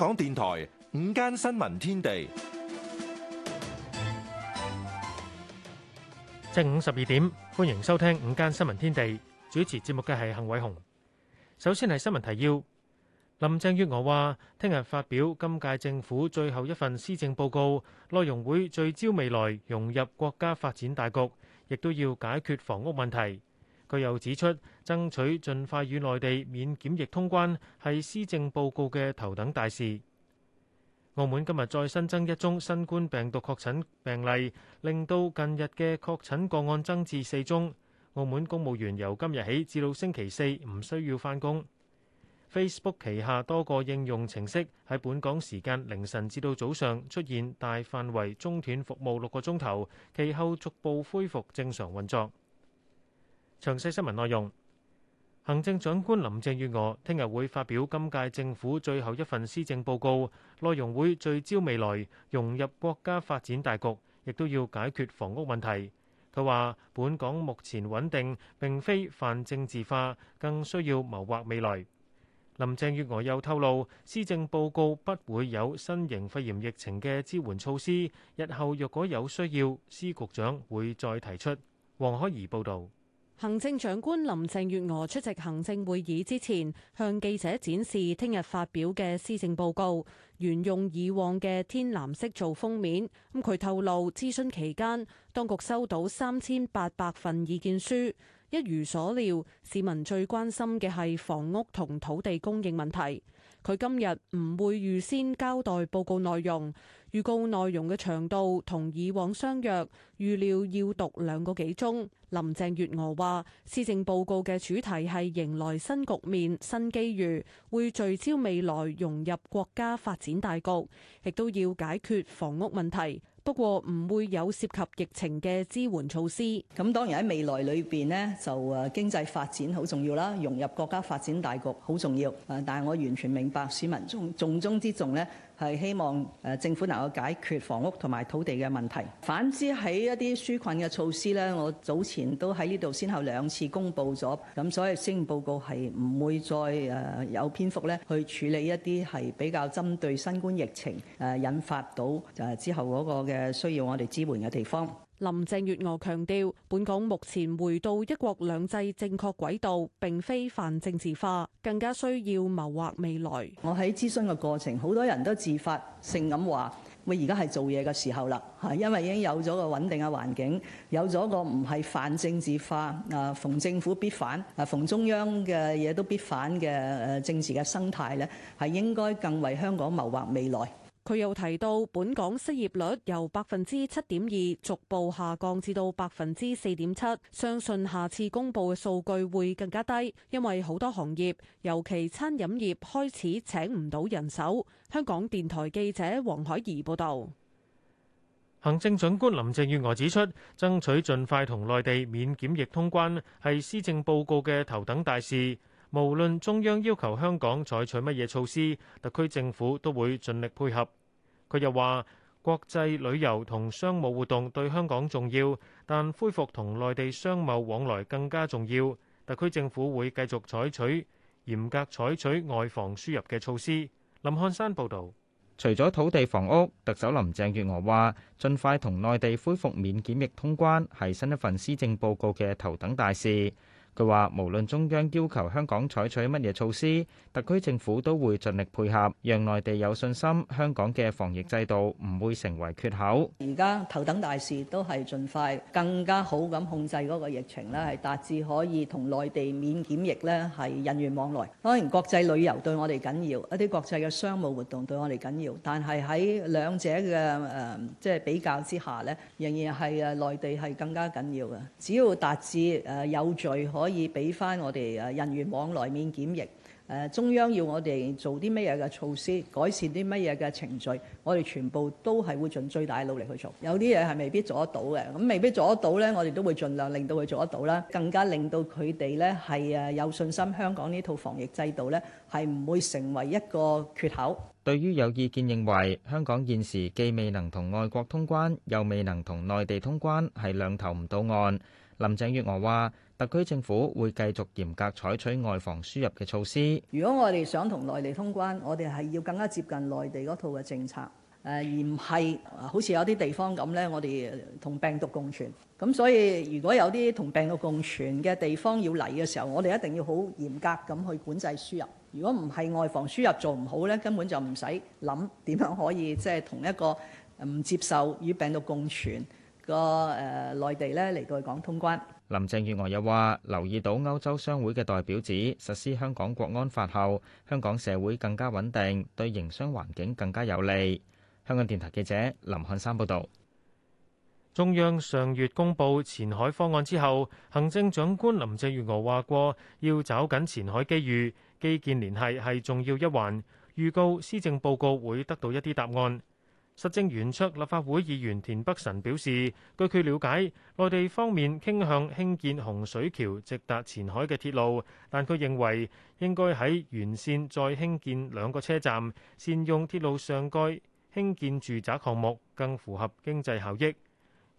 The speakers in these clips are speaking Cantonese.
香港電台午間新聞天地，正午十二點，歡迎收聽午間新聞天地。主持節目嘅係幸偉雄。首先係新聞提要，林鄭月娥話：聽日發表今屆政府最後一份施政報告，內容會聚焦未來融入國家發展大局，亦都要解決房屋問題。佢又指出，爭取盡快與內地免檢疫通關係施政報告嘅頭等大事。澳門今日再新增一宗新冠病毒確診病例，令到近日嘅確診個案增至四宗。澳門公務員由今日起至到星期四唔需要返工。Facebook 旗下多個應用程式喺本港時間凌晨至到早上出現大範圍中斷服務六個鐘頭，其後逐步恢復正常運作。詳細新聞內容，行政長官林鄭月娥聽日會發表今屆政府最後一份施政報告，內容會聚焦未來融入國家發展大局，亦都要解決房屋問題。佢話本港目前穩定，並非泛政治化，更需要謀劃未來。林鄭月娥又透露，施政報告不會有新型肺炎疫情嘅支援措施，日後若果有需要，司局長會再提出。黃海怡報道。行政長官林鄭月娥出席行政會議之前，向記者展示聽日發表嘅施政報告，沿用以往嘅天藍色做封面。咁佢透露，諮詢期間，當局收到三千八百份意見書。一如所料，市民最關心嘅係房屋同土地供應問題。佢今日唔會預先交代報告內容，預告內容嘅長度同以往相若，預料要讀兩個幾鐘。林鄭月娥話施政報告嘅主題係迎來新局面、新機遇，會聚焦未來融入國家發展大局，亦都要解決房屋問題。不過唔會有涉及疫情嘅支援措施。咁當然喺未來裏邊呢，就誒經濟發展好重要啦，融入國家發展大局好重要。誒，但係我完全明白市民重重中之重咧。係希望誒政府能夠解決房屋同埋土地嘅問題。反之喺一啲紓困嘅措施咧，我早前都喺呢度先後兩次公佈咗，咁所以施政報告係唔會再誒有篇幅咧去處理一啲係比較針對新冠疫情誒引發到就係之後嗰個嘅需要我哋支援嘅地方。林鄭月娥強調，本港目前回到一國兩制正確軌道，並非泛政治化，更加需要謀劃未來。我喺諮詢嘅過程，好多人都自發性咁話，我而家係做嘢嘅時候啦，嚇，因為已經有咗個穩定嘅環境，有咗個唔係泛政治化啊，逢政府必反啊，逢中央嘅嘢都必反嘅誒政治嘅生態咧，係應該更為香港謀劃未來。佢又提到，本港失業率由百分之七點二逐步下降至到百分之四點七，相信下次公布嘅數據會更加低，因為好多行業，尤其餐飲業，業開始請唔到人手。香港電台記者黃海怡報道。行政長官林鄭月娥指出，爭取盡快同內地免檢疫通關，係施政報告嘅頭等大事。無論中央要求香港採取乜嘢措施，特區政府都會盡力配合。佢又話：國際旅遊同商務活動對香港重要，但恢復同內地商貿往來更加重要。特區政府會繼續採取嚴格採取外防輸入嘅措施。林漢山報導，除咗土地房屋，特首林鄭月娥話：盡快同內地恢復免檢疫通關，係新一份施政報告嘅頭等大事。佢話：無論中央要求香港採取乜嘢措施，特區政府都會盡力配合，讓內地有信心，香港嘅防疫制度唔會成為缺口。而家頭等大事都係盡快更加好咁控制嗰個疫情咧，係達至可以同內地免檢疫咧，係人員往來。當然國際旅遊對我哋緊要，一啲國際嘅商務活動對我哋緊要，但係喺兩者嘅誒即係比較之下咧，仍然係誒內地係更加緊要嘅。只要達至誒有序。可以俾翻我哋誒人員往來免檢疫誒，中央要我哋做啲乜嘢嘅措施，改善啲乜嘢嘅程序，我哋全部都係會盡最大嘅努力去做。有啲嘢係未必做得到嘅，咁未必做得到咧，我哋都會盡量令到佢做得到啦，更加令到佢哋咧係誒有信心。香港呢套防疫制度咧係唔會成為一個缺口。對於有意見認為香港現時既未能同外國通關，又未能同內地通關，係兩頭唔到岸，林鄭月娥話。特區政府會繼續嚴格採取外防輸入嘅措施。如果我哋想同內地通關，我哋係要更加接近內地嗰套嘅政策，誒而唔係好似有啲地方咁咧，我哋同病毒共存。咁所以如果有啲同病毒共存嘅地方要嚟嘅時候，我哋一定要好嚴格咁去管制輸入。如果唔係外防輸入做唔好咧，根本就唔使諗點樣可以即係同一個唔接受與病毒共存個誒內地咧嚟到港通關。林鄭月娥又話：留意到歐洲商會嘅代表指，實施香港國安法後，香港社會更加穩定，對營商環境更加有利。香港電台記者林漢山報導。中央上月公布前海方案之後，行政長官林鄭月娥話過，要找緊前海機遇，基建聯繫係重要一環，預告施政報告會得到一啲答案。實政員出，立法會議員田北辰表示，據佢了解，內地方面傾向興建洪水橋直達前海嘅鐵路，但佢認為應該喺沿線再興建兩個車站，善用鐵路上蓋興建住宅項目，更符合經濟效益。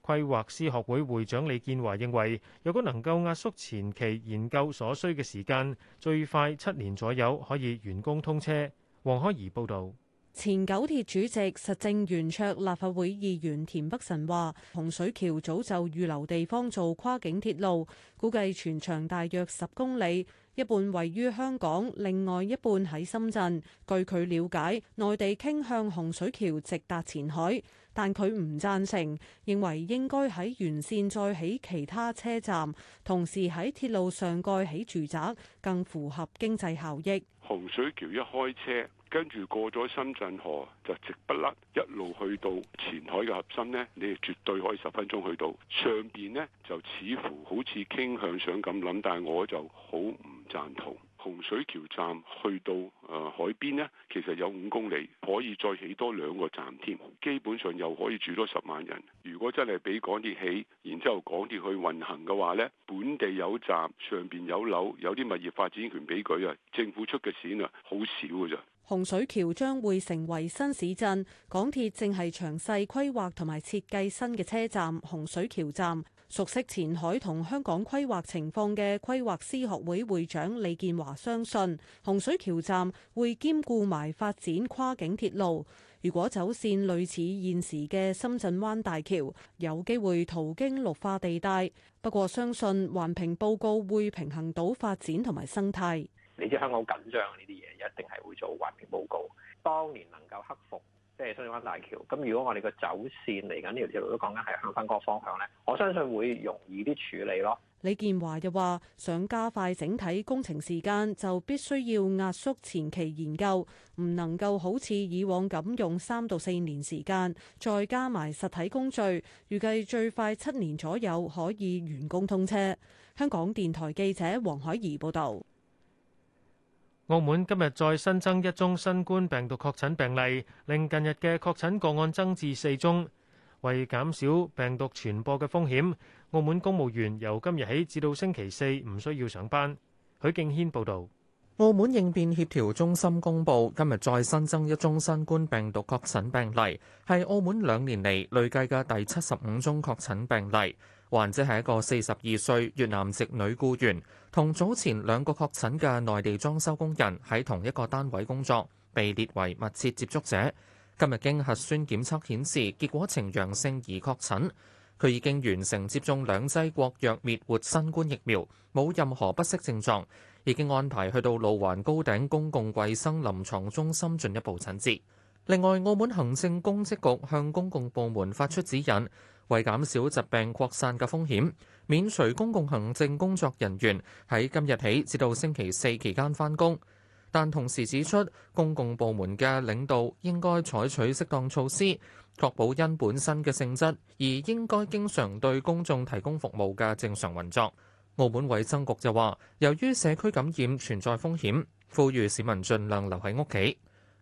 規劃師學會會長李建華認為，如果能夠壓縮前期研究所需嘅時間，最快七年左右可以完工通車。黃海怡報導。前九鐵主席、實政圓桌立法會議員田北辰話：洪水橋早就預留地方做跨境鐵路，估計全長大約十公里，一半位於香港，另外一半喺深圳。據佢了解，內地傾向洪水橋直達前海，但佢唔贊成，認為應該喺沿線再起其他車站，同時喺鐵路上蓋起住宅，更符合經濟效益。洪水橋一開車。跟住過咗深圳河，就直不甩一路去到前海嘅核心呢。你哋絕對可以十分鐘去到上邊呢，就似乎好似傾向想咁諗，但係我就好唔贊同。洪水橋站去到誒、呃、海邊呢，其實有五公里可以再起多兩個站添，基本上又可以住多十萬人。如果真係俾港鐵起，然之後港鐵去運行嘅話呢，本地有站，上邊有樓，有啲物業發展權俾佢啊，政府出嘅錢啊，好少㗎咋。洪水橋將會成為新市鎮，港鐵正係詳細規劃同埋設計新嘅車站——洪水橋站。熟悉前海同香港規劃情況嘅規劃師學會會長李建華相信，洪水橋站會兼顧埋發展跨境鐵路。如果走線類似現時嘅深圳灣大橋，有機會途經綠化地帶。不過相信環評報告會平衡到發展同埋生態。你知香港好緊張，呢啲嘢一定係會做環評報告。當年能夠克服即係新灣大橋，咁，如果我哋個走線嚟緊呢條鐵路都講緊係向翻個方向咧，我相信會容易啲處理咯。李建華又話想加快整體工程時間就必須要壓縮前期研究，唔能夠好似以往咁用三到四年時間再加埋實體工序，預計最快七年左右可以完工通車，香港電台記者黃海怡報道。澳門今日再新增一宗新冠病毒確診病例，令近日嘅確診個案增至四宗。為減少病毒傳播嘅風險，澳門公務員由今日起至到星期四唔需要上班。許敬軒報道。澳門應變協調中心公佈，今日再新增一宗新冠病毒確診病例，係澳門兩年嚟累計嘅第七十五宗確診病例。患者係一個四十二歲越南籍女僱員，同早前兩個確診嘅內地裝修工人喺同一個單位工作，被列為密切接觸者。今日經核酸檢測顯示結果呈陽性而確診，佢已經完成接種兩劑國藥滅活新冠疫苗，冇任何不適症狀，已經安排去到路環高頂公共衞生臨床中心進一步診治。另外，澳門行政公職局向公共部門發出指引。為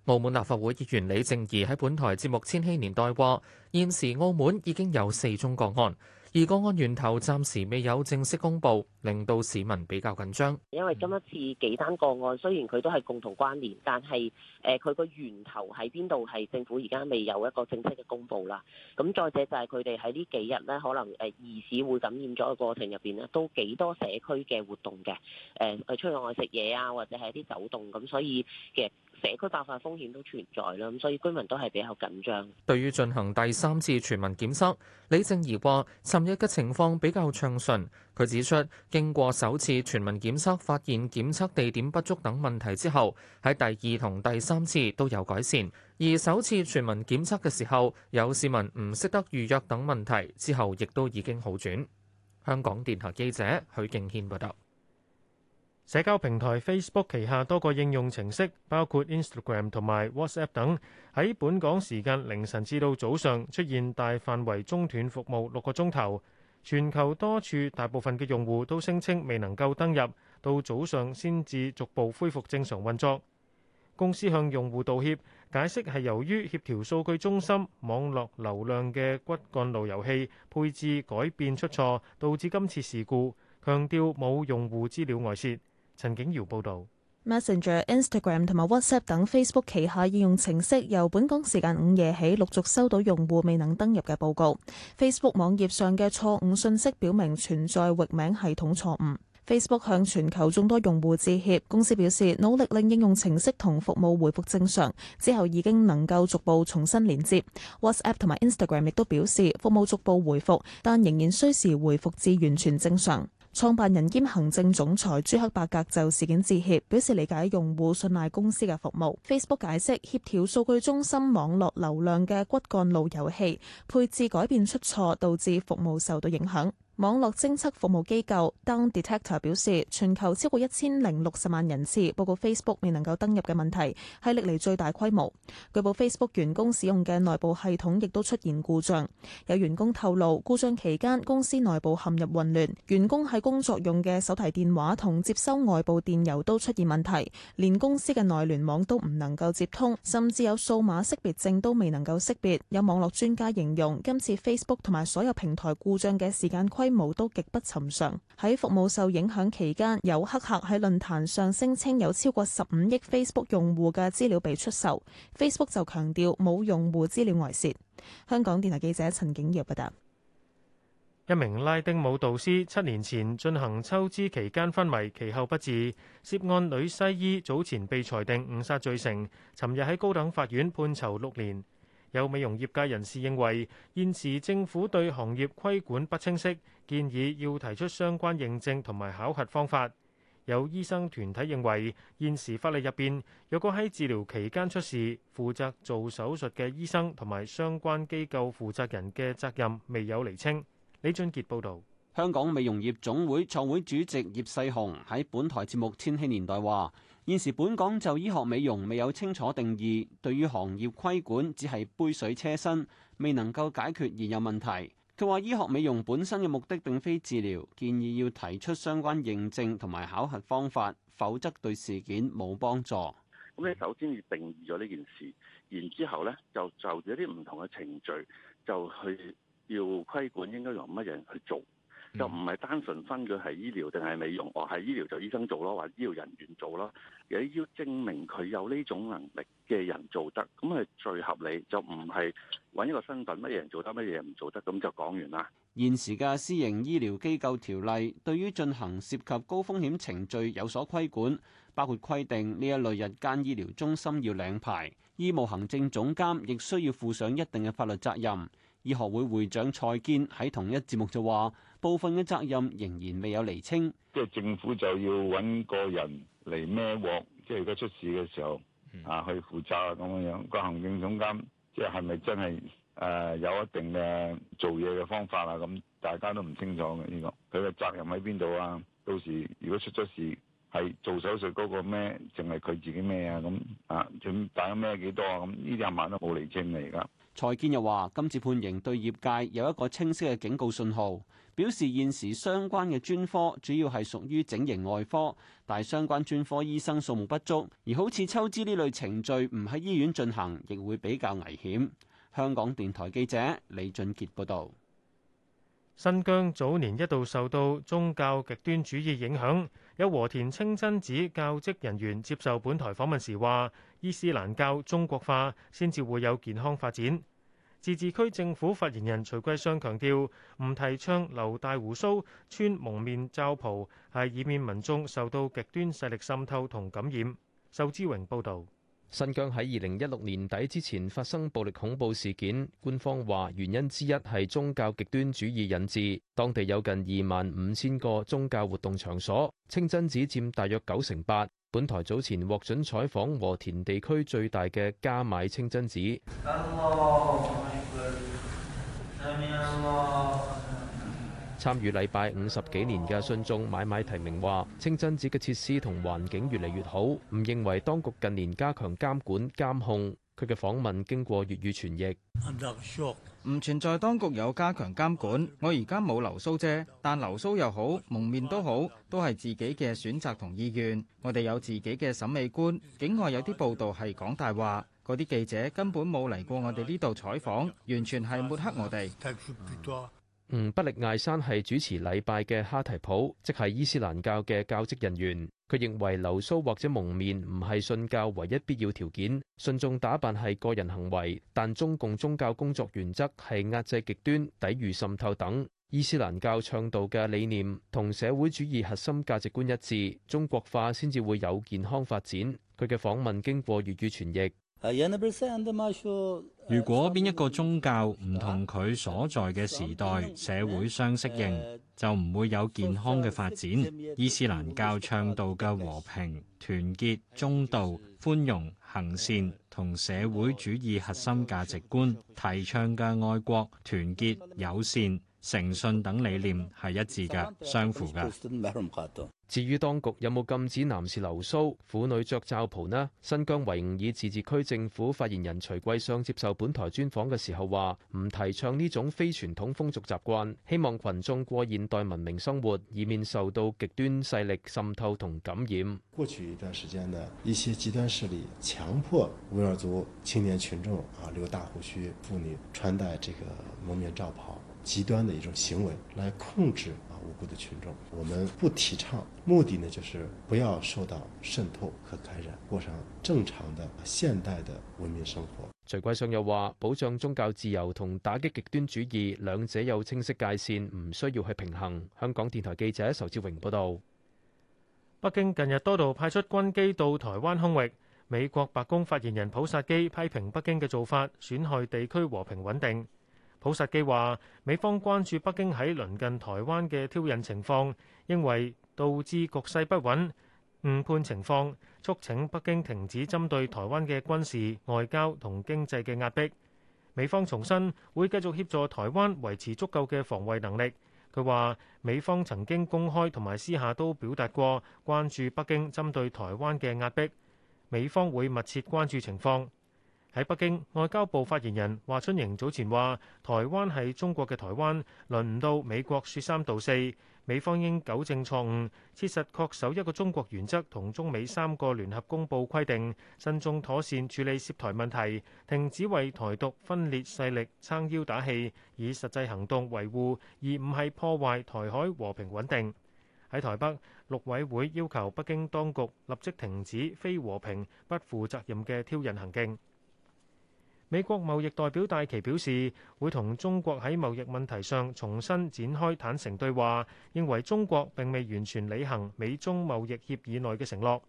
澳門立法會議員李靜儀喺本台節目《千禧年代》話：現時澳門已經有四宗個案，而個案源頭暫時未有正式公布，令到市民比較緊張。因為今一次幾單個案雖然佢都係共同關聯，但係誒佢個源頭喺邊度係政府而家未有一個正式嘅公布啦。咁再者就係佢哋喺呢幾日咧，可能誒疑似會感染咗嘅過程入邊咧，都幾多社區嘅活動嘅，誒出去外食嘢啊，或者係一啲走動咁，所以嘅。社區爆發風險都存在啦，所以居民都係比較緊張。對於進行第三次全民檢測，李政怡話，尋日嘅情況比較暢順。佢指出，經過首次全民檢測發現檢測地點不足等問題之後，喺第二同第三次都有改善。而首次全民檢測嘅時候，有市民唔識得預約等問題，之後亦都已經好轉。香港電台記者許敬軒報道。社交平台 Facebook 旗下多個應用程式，包括 Instagram 同埋 WhatsApp 等，喺本港時間凌晨至到早上出現大範圍中斷服務六個鐘頭，全球多處大部分嘅用戶都聲稱未能夠登入，到早上先至逐步恢復正常運作。公司向用戶道歉，解釋係由於協調數據中心網絡流量嘅骨幹路由器配置改變出錯，導致今次事故，強調冇用戶資料外洩。陳景瑤報導，Messenger、Instagram 同埋 WhatsApp 等 Facebook 旗下應用程式，由本港時間午夜起陸續收到用戶未能登入嘅報告。Facebook 網頁上嘅錯誤信息表明存在域名系統錯誤。Facebook 向全球眾多用戶致歉，公司表示努力令應用程式同服務回復正常，之後已經能夠逐步重新連接。WhatsApp 同埋 Instagram 亦都表示服務逐步回復，但仍然需時回復至完全正常。創辦人兼行政總裁朱克伯格就事件致歉，表示理解用戶信賴公司嘅服務。Facebook 解釋，協調數據中心網絡流量嘅骨幹路由器配置改變出錯，導致服務受到影響。網絡偵測服務機構 Down Detector 表示，全球超過一千零六十萬人次報告 Facebook 未能夠登入嘅問題，係歷嚟最大規模。據報 Facebook 員工使用嘅內部系統亦都出現故障，有員工透露，故障期間公司內部陷入混亂，員工喺工作用嘅手提電話同接收外部電郵都出現問題，連公司嘅內聯網都唔能夠接通，甚至有數碼識別證都未能夠識別。有網絡專家形容今次 Facebook 同埋所有平台故障嘅時間規舞都極不尋常。喺服務受影響期間，有黑客喺論壇上聲稱有超過十五億 Facebook 用戶嘅資料被出售。Facebook 就強調冇用戶資料外泄。香港電台記者陳景耀報道：「一名拉丁舞導師七年前進行抽脂期間昏迷，其後不治。涉案女西醫早前被裁定誤殺罪成，尋日喺高等法院判囚六年。有美容業界人士認為現時政府對行業規管不清晰，建議要提出相關認證同埋考核方法。有醫生團體認為現時法例入邊若果喺治療期間出事，負責做手術嘅醫生同埋相關機構負責人嘅責任未有厘清。李俊杰報道。香港美容業總會創會主席葉世雄喺本台節目《千禧年代》話。現時本港就醫學美容未有清楚定義，對於行業規管只係杯水車薪，未能夠解決現有問題。佢話醫學美容本身嘅目的並非治療，建議要提出相關認證同埋考核方法，否則對事件冇幫助。咁你首先要定義咗呢件事，然之後咧，就就有啲唔同嘅程序，就去要規管應該用乜嘢去做。嗯、就唔係單純分佢係醫療定係美容，或係醫療就醫生做咯，或者醫療人員做咯，亦要證明佢有呢種能力嘅人做得，咁係最合理。就唔係揾一個身份，乜嘢人做得，乜嘢人唔做得，咁就講完啦。現時嘅私營醫療機構條例，對於進行涉及高風險程序有所規管，包括規定呢一類日間醫療中心要領牌，醫務行政總監亦需要負上一定嘅法律責任。醫學會會長蔡堅喺同一節目就話，部分嘅責任仍然未有厘清，即係政府就要揾個人嚟孭鑊，即係如果出事嘅時候啊去負責咁樣樣，個行政總監即係係咪真係誒有一定嘅做嘢嘅方法啊？咁大家都唔清楚嘅呢、這個，佢嘅責任喺邊度啊？到時如果出咗事。係做手術嗰個咩？淨係佢自己咩啊？咁啊，仲打咩幾多啊？咁呢啲阿萬都冇厘清而家，蔡堅又話：今次判刑對業界有一個清晰嘅警告信號，表示現時相關嘅專科主要係屬於整形外科，但係相關專科醫生數目不足，而好似抽脂呢類程序唔喺醫院進行，亦會比較危險。香港電台記者李俊傑報道。新疆早年一度受到宗教極端主義影響。有和田清真寺教職人員接受本台訪問時話：伊斯蘭教中國化先至會有健康發展。自治區政府發言人徐桂湘強調，唔提倡留大鬍鬚、穿蒙面罩袍，係以免民眾受到極端勢力滲透同感染。仇之榮報導。新疆喺二零一六年底之前發生暴力恐怖事件，官方話原因之一係宗教極端主義引致。當地有近二萬五千個宗教活動場所，清真寺佔大約九成八。本台早前獲准採訪和田地區最大嘅加買清真寺。 參與禮拜五十幾年嘅信眾買買提名話：清真寺嘅設施同環境越嚟越好，唔認為當局近年加強監管監控。佢嘅訪問經過粵語傳譯，唔存在當局有加強監管。我而家冇流蘇啫，但流蘇又好，蒙面都好，都係自己嘅選擇同意願。我哋有自己嘅審美觀，境外有啲報道係講大話，嗰啲記者根本冇嚟過我哋呢度採訪，完全係抹黑我哋。Mm. 嗯，不力艾山係主持禮拜嘅哈提普，即係伊斯蘭教嘅教職人員。佢認為留鬚或者蒙面唔係信教唯一必要條件，信眾打扮係個人行為。但中共宗教工作原則係壓制極端、抵禦滲透等。伊斯蘭教倡導嘅理念同社會主義核心價值觀一致，中國化先至會有健康發展。佢嘅訪問經過粵語傳譯。如果邊一個宗教唔同佢所在嘅時代社會相適應，就唔會有健康嘅發展。伊斯蘭教倡導嘅和平、團結、中道、寬容、行善，同社會主義核心價值觀提倡嘅愛國、團結、友善、誠信等理念係一致嘅，相符嘅。至於當局有冇禁止男士留鬚、婦女着罩袍呢？新疆維吾爾自治區政府發言人徐貴相接受本台專訪嘅時候話：唔提倡呢種非傳統風俗習慣，希望群眾過現代文明生活，以免受到極端勢力滲透同感染。過去一段時間呢，一些極端勢力強迫維吾爾族青年群眾啊留大胡鬚，婦女穿戴這個蒙面罩袍，極端的一種行為來控制。無辜的群眾，我們不提倡。目的呢，就是不要受到滲透和感染，過上正常的現代的文明生活。徐貴祥又話：保障宗教自由同打擊極端主義兩者有清晰界線，唔需要去平衡。香港電台記者仇志榮報道。北京近日多度派出軍機到台灣空域，美國白宮發言人普薩基批評北京嘅做法損害地區和平穩定。普實基話：美方關注北京喺鄰近台灣嘅挑釁情況，因為導致局勢不穩、誤判情況，促請北京停止針對台灣嘅軍事、外交同經濟嘅壓迫。美方重申會繼續協助台灣維持足夠嘅防衛能力。佢話：美方曾經公開同埋私下都表達過關注北京針對台灣嘅壓迫，美方會密切關注情況。喺北京，外交部發言人華春瑩早前話台灣係中國嘅台灣輪唔到美國說三道四。美方應糾正錯誤切實確守一個中國原則同中美三個聯合公布規定，慎重妥善處理涉台問題，停止為台獨分裂勢力撐腰打氣，以實際行動維護，而唔係破壞台海和平穩定。喺台北，陸委會要求北京當局立即停止非和平、不負責任嘅挑釁行徑。美國貿易代表戴琪表示，會同中國喺貿易問題上重新展開坦誠對話，認為中國並未完全履行美中貿易協議內嘅承諾。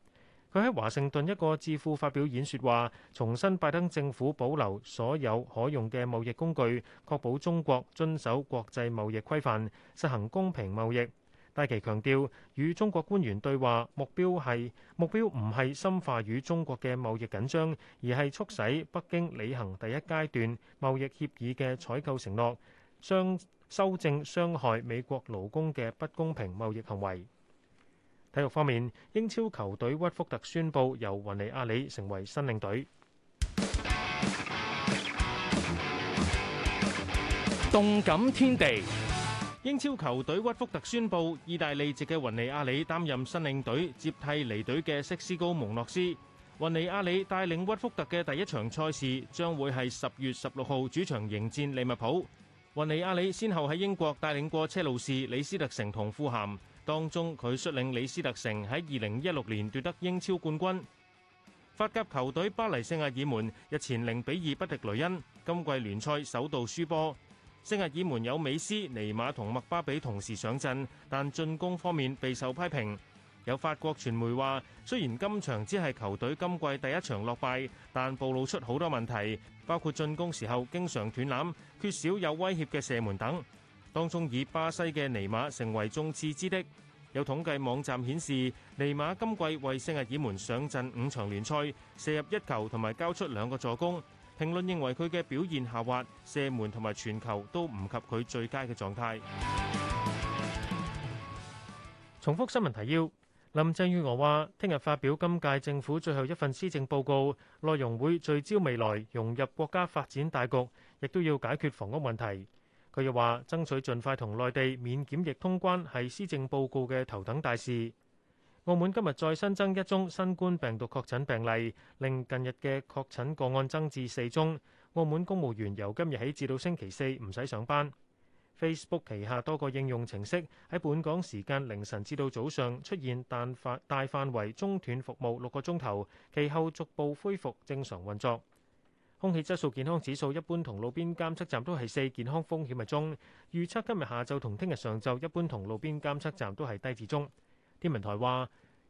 佢喺華盛頓一個智庫發表演説話，重申拜登政府保留所有可用嘅貿易工具，確保中國遵守國際貿易規範，實行公平貿易。戴奇強調，與中國官員對話目標係目標唔係深化與中國嘅貿易緊張，而係促使北京履行第一階段貿易協議嘅採購承諾，將修正傷害美國勞工嘅不公平貿易行為。體育方面，英超球隊屈福特宣布由雲尼亞里成為新領隊。動感天地。英超球隊屈福特宣布，意大利籍嘅雲尼阿里擔任新領隊，接替離隊嘅瑟斯高蒙諾斯。雲尼阿里帶領屈福特嘅第一場賽事將會係十月十六號主場迎戰利物浦。雲尼阿里先後喺英國帶領過車路士、李斯特城同富咸，當中佢率領李斯特城喺二零一六年奪得英超冠軍。法甲球隊巴黎聖日耳門日前零比二不敵雷恩，今季聯賽首度輸波。聖日耳門有美斯、尼馬同麥巴比同時上陣，但進攻方面備受批評。有法國傳媒話，雖然今場只係球隊今季第一場落敗，但暴露出好多問題，包括進攻時候經常斷纜、缺少有威脅嘅射門等。當中以巴西嘅尼馬成為眾矢之的。有統計網站顯示，尼馬今季為聖日耳門上陣五場聯賽，射入一球同埋交出兩個助攻。評論認為佢嘅表現下滑，射門同埋傳球都唔及佢最佳嘅狀態。重複新聞提要：林鄭月娥話，聽日發表今屆政府最後一份施政報告，內容會聚焦未來融入國家發展大局，亦都要解決房屋問題。佢又話，爭取盡快同內地免檢疫通關係施政報告嘅頭等大事。澳門今日再新增一宗新冠病毒確診病例，令近日嘅確診個案增至四宗。澳門公務員由今日起至到星期四唔使上班。Facebook 旗下多個應用程式喺本港時間凌晨至到早上出現但大範圍中斷服務六個鐘頭，其後逐步恢復正常運作。空氣質素健康指數一般同路邊監測站都係四，健康風險係中，預測今日下晝同聽日上晝一般同路邊監測站都係低至中。天文台話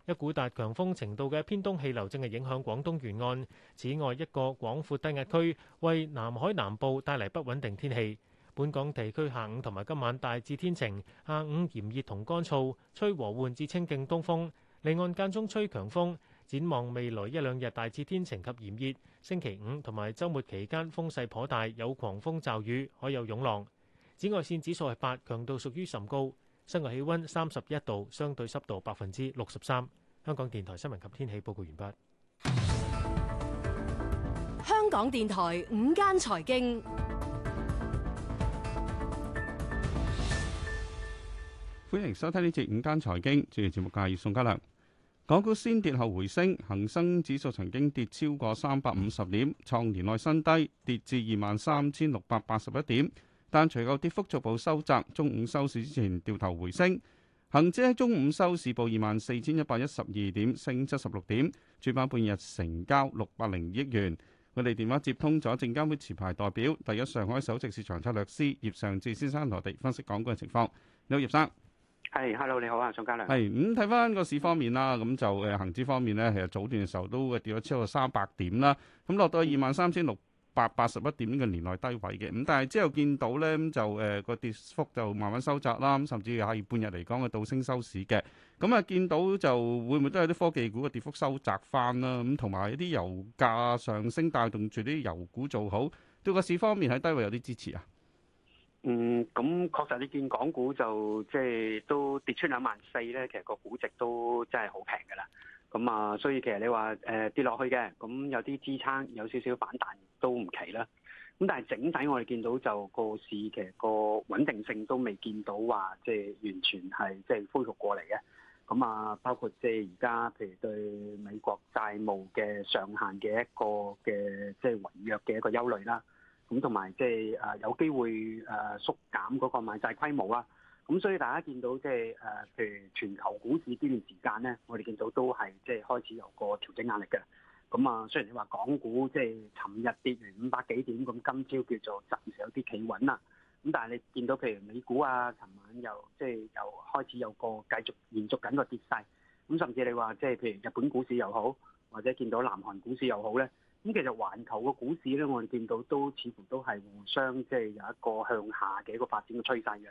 一股達強風程度嘅偏東氣流正係影響廣東沿岸，此外一個廣闊低壓區為南海南部帶嚟不穩定天氣，本港地區下午同埋今晚大致天晴，下午炎熱同乾燥，吹和緩至清勁東風，離岸間中吹強風，展望未來一兩日大致天晴及炎熱，星期五同埋周末期間風勢頗大，有狂風驟雨，可有湧浪。紫外線指數係八，強度屬於甚高。室外氣溫三十一度，相對濕度百分之六十三。香港電台新聞及天氣報告完畢。香港電台午間財經，歡迎收聽呢節午間財經。主持節目嘅係宋嘉良。港股先跌後回升，恒生指數曾經跌超過三百五十點，創年內新低，跌至二萬三千六百八十一點。但隨後跌幅逐步收窄，中午收市之前掉頭回升。恒指喺中午收市報二萬四千一百一十二點，升七十六點，主板半日成交六百零億元。我哋電話接通咗證監會持牌代表、第一上海首席市場策略師葉尚志先生同我哋分析港股嘅情況。你好，葉生。係、hey，hello，你好啊，宋嘉良。係，咁睇翻個市方面啦，咁就誒恆指方面呢，其實早段嘅時候都會跌咗超過三百點啦，咁落到去二萬三千六八八十一點呢個年內低位嘅，咁但係之後見到咧，咁就誒個跌幅就慢慢收窄啦，咁甚至係半日嚟講嘅倒升收市嘅，咁啊見到就會唔會都有啲科技股嘅跌幅收窄翻啦，咁同埋一啲油價上升帶動住啲油股做好，對個市方面喺低位有啲支持啊。嗯，咁確實你見港股就即係都跌出兩萬四咧，其實個估值都真係好平㗎喇。咁啊、嗯，所以其實你話誒、呃、跌落去嘅，咁有啲支撐，有少少反彈都唔奇啦。咁但係整體我哋見到就個市其實個穩定性都未見到話、啊、即係完全係即係恢復過嚟嘅。咁啊，包括即係而家譬如對美國債務嘅上限嘅一個嘅即係違約嘅一個憂慮啦。咁同埋即係啊有機會啊縮減嗰個買債規模啦。咁所以大家見到即係誒，譬如全球股市呢段時間咧，我哋見到都係即係開始有個調整壓力嘅。咁啊，雖然你話港股即係尋日跌完五百幾點，咁今朝叫做暫時有啲企穩喇。咁但係你見到譬如美股啊，尋晚又即係、就是、又開始有個繼續延續緊個跌勢。咁甚至你話即係譬如日本股市又好，或者見到南韓股市又好咧，咁其實環球個股市咧，我哋見到都似乎都係互相即係有一個向下嘅一個發展嘅趨勢嘅。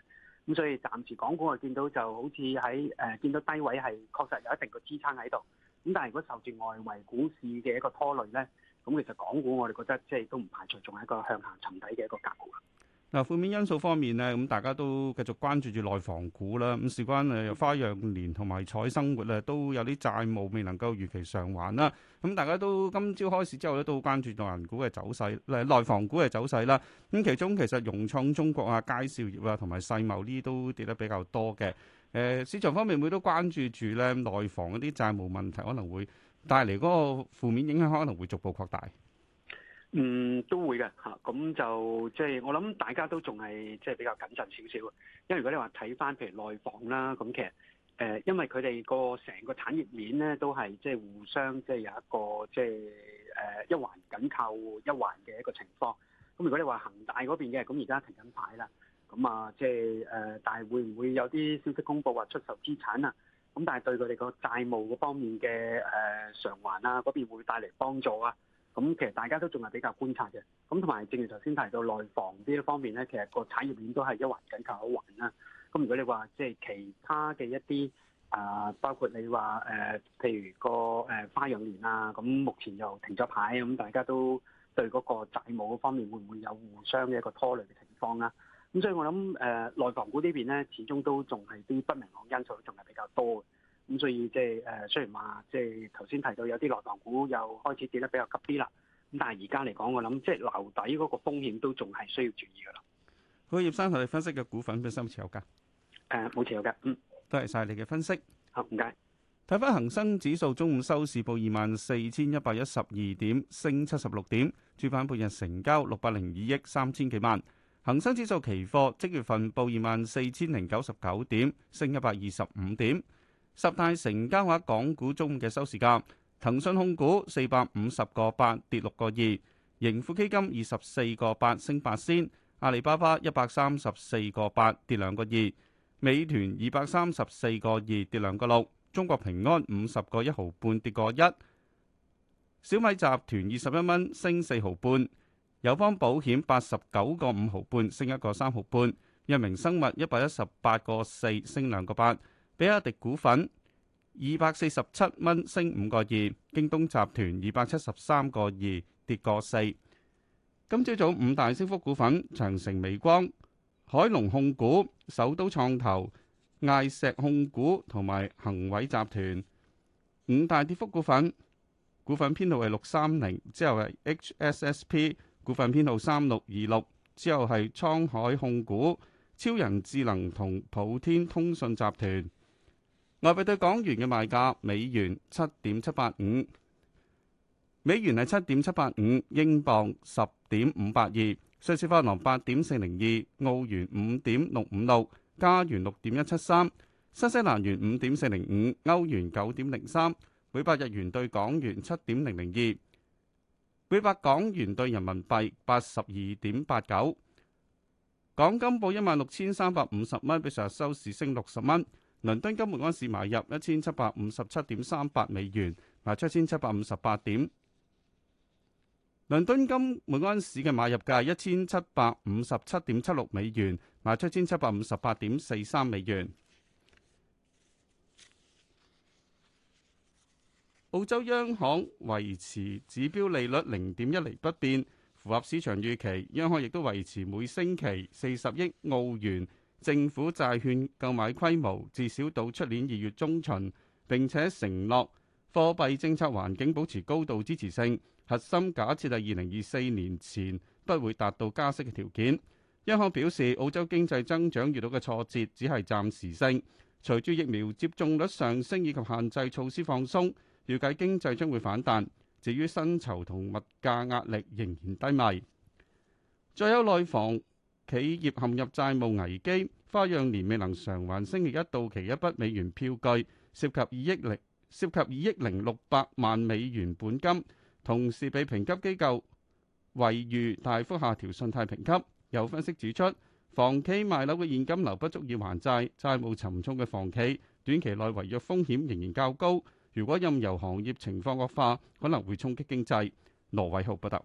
咁所以暫時港股我見到就好似喺誒見到低位係確實有一定嘅支撐喺度，咁但係如果受住外圍股市嘅一個拖累咧，咁其實港股我哋覺得即係都唔排除仲係一個向下沉底嘅一個格局。嗱，負面因素方面咧，咁大家都繼續關注住內房股啦。咁事關誒，花樣年同埋彩生活咧，都有啲債務未能夠如期償還啦。咁大家都今朝開市之後咧，都關注內銀股嘅走勢咧，內房股嘅走勢啦。咁其中其實融創中國啊、佳兆業啊、同埋世茂呢啲都跌得比較多嘅。誒，市場方面會都關注住咧內房啲債務問題，可能會帶嚟嗰個負面影響，可能會逐步擴大。嗯，都會嘅嚇，咁、嗯、就即係、就是、我諗大家都仲係即係比較謹慎少少嘅，因為如果你話睇翻譬如內房啦，咁其實誒、呃，因為佢哋個成個產業鏈咧都係即係互相即係、就是、有一個即係誒一環緊扣一環嘅一個情況。咁如果你話恒大嗰邊嘅，咁而家停緊牌啦，咁啊即係誒，但係會唔會有啲消息公布話出售資產、呃、啊？咁但係對佢哋個債務嗰方面嘅誒償還啊嗰邊會帶嚟幫助啊？咁其實大家都仲係比較觀察嘅，咁同埋正如頭先提到內房呢一方面咧，其實個產業鏈都係一環緊扣一環啦。咁如果你話即係其他嘅一啲啊、呃，包括你話誒、呃，譬如個誒花樣年啊，咁目前又停咗牌，咁大家都對嗰個債務方面會唔會有互相嘅一個拖累嘅情況啦？咁所以我諗誒、呃、內房股呢邊咧，始終都仲係啲不明朗因素仲係比較多。咁所以即係誒，雖然話即係頭先提到有啲內房股又開始跌得比較急啲啦。咁但係而家嚟講，我諗即係樓底嗰個風險都仲係需要注意噶啦。好，葉生同你分析嘅股份，佢有冇持有噶？誒，冇持有嘅。嗯，多謝晒你嘅分析。好，唔該。睇翻恒生指數，中午收市報二萬四千一百一十二點，升七十六點。主板半日成交六百零二億三千幾萬。恆生指數期貨即月份報二萬四千零九十九點，升一百二十五點。十大成交額港股中嘅收市價，騰訊控股四百五十個八跌六個二，盈富基金二十四個八升八仙，阿里巴巴一百三十四個八跌兩個二，美團二百三十四個二跌兩個六，中國平安五十個一毫半跌個一，小米集團二十一蚊升四毫半，友邦保險八十九個五毫半升一個三毫半，藥明生物一百一十八個四升兩個八。比亞迪股份二百四十七蚊升五個二，京東集團二百七十三個二跌個四。今朝早五大升幅股份：長城、微光、海龍控股、首都創投、艾石控股同埋恒偉集團。五大跌幅股份：股份編號係六三零，之後係 H S S P 股份編號三六二六，之後係滄海控股、超人智能同普天通訊集團。外幣對港元嘅賣價：美元七點七八五，美元係七點七八五，英鎊十點五八二，瑞士法郎八點四零二，澳元五點六五六，加元六點一七三，新西蘭元五點四零五，歐元九點零三，每百日元對港元七點零零二，每百港元對人民幣八十二點八九。港金報一萬六千三百五十蚊，比上日收市升六十蚊。倫敦金每安士買入一千七百五十七點三八美元，賣出一千七百五十八點。倫敦金每安士嘅買入價一千七百五十七點七六美元，賣出一千七百五十八點四三美元。澳洲央行維持指標利率零點一厘不變，符合市場預期。央行亦都維持每星期四十億澳元，政府債券購買規模至少到出年二月中旬，並且承諾貨幣政策環境保持高度支持性。核心假設係二零二四年前不會達到加息嘅條件。央行表示，澳洲經濟增長遇到嘅挫折只係暫時性，隨住疫苗接種率上升以及限制措施放鬆，預計經濟將會反彈。至於薪酬同物價壓力仍然低迷。再有內房。企業陷入債務危機，花樣年未能償還星期一到期一筆美元票據，涉及二億零涉及二億零六百萬美元本金，同時被評級機構惠譽大幅下調信貸評級。有分析指出，房企賣樓嘅現金流不足以還債，債務沉重嘅房企短期內違約風險仍然較高。如果任由行業情況惡化，可能會衝擊經濟。羅偉浩報道。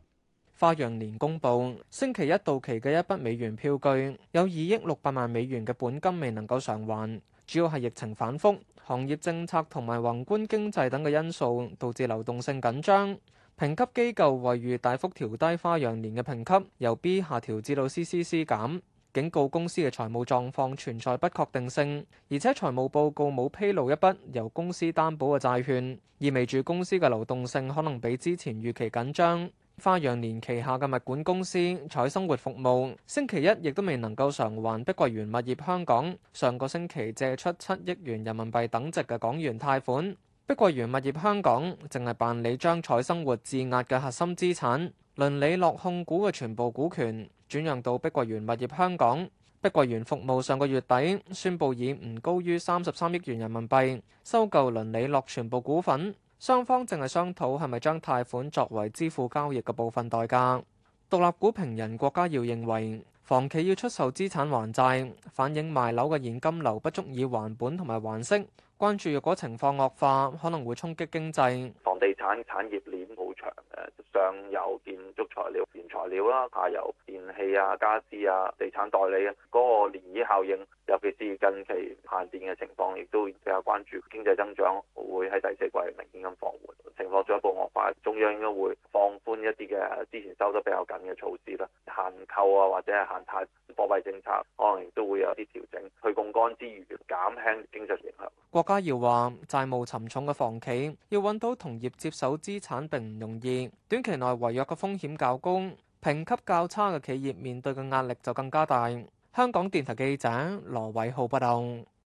花樣年公布，星期一到期嘅一筆美元票據有二億六百萬美元嘅本金未能夠償還，主要係疫情反復、行業政策同埋宏觀經濟等嘅因素導致流動性緊張。評級機構惠譽大幅調低花樣年嘅評級，由 B 下調至到 CCC 減，警告公司嘅財務狀況存在不確定性，而且財務報告冇披露一筆由公司擔保嘅債券，意味住公司嘅流動性可能比之前預期緊張。花樣年旗下嘅物管公司彩生活服務，星期一亦都未能夠償還碧桂園物業香港上個星期借出七億元人民幣等值嘅港元貸款。碧桂園物業香港淨係辦理將彩生活質押嘅核心資產，倫理樂控股嘅全部股權轉讓到碧桂園物業香港。碧桂園服務上個月底宣布以唔高於三十三億元人民幣收購倫理樂全部股份。雙方淨係商討係咪將貸款作為支付交易嘅部分代價。獨立股評人郭家耀認為，房企要出售資產還債，反映賣樓嘅現金流不足以還本同埋還息，關注若果情況惡化，可能會衝擊經濟。房地產產業鏈誒上游建築材料、原材料啦，下游電器啊、傢俬啊、地產代理啊，嗰、那個漣漪效應，尤其是近期限電嘅情況，亦都比較關注經濟增長會喺第四季明顯咁放緩，情況進一步惡化，中央應該會放寬一啲嘅之前收得比較緊嘅措施啦，限購啊或者係限貸貨幣政策，可能亦都會有啲調整，去槓桿之餘減輕經濟影響。郭家耀話：債務沉重嘅房企要揾到同業接手資產並唔容。而短期內違約嘅風險較高，評級較差嘅企業面對嘅壓力就更加大。香港電台記者羅偉浩報道。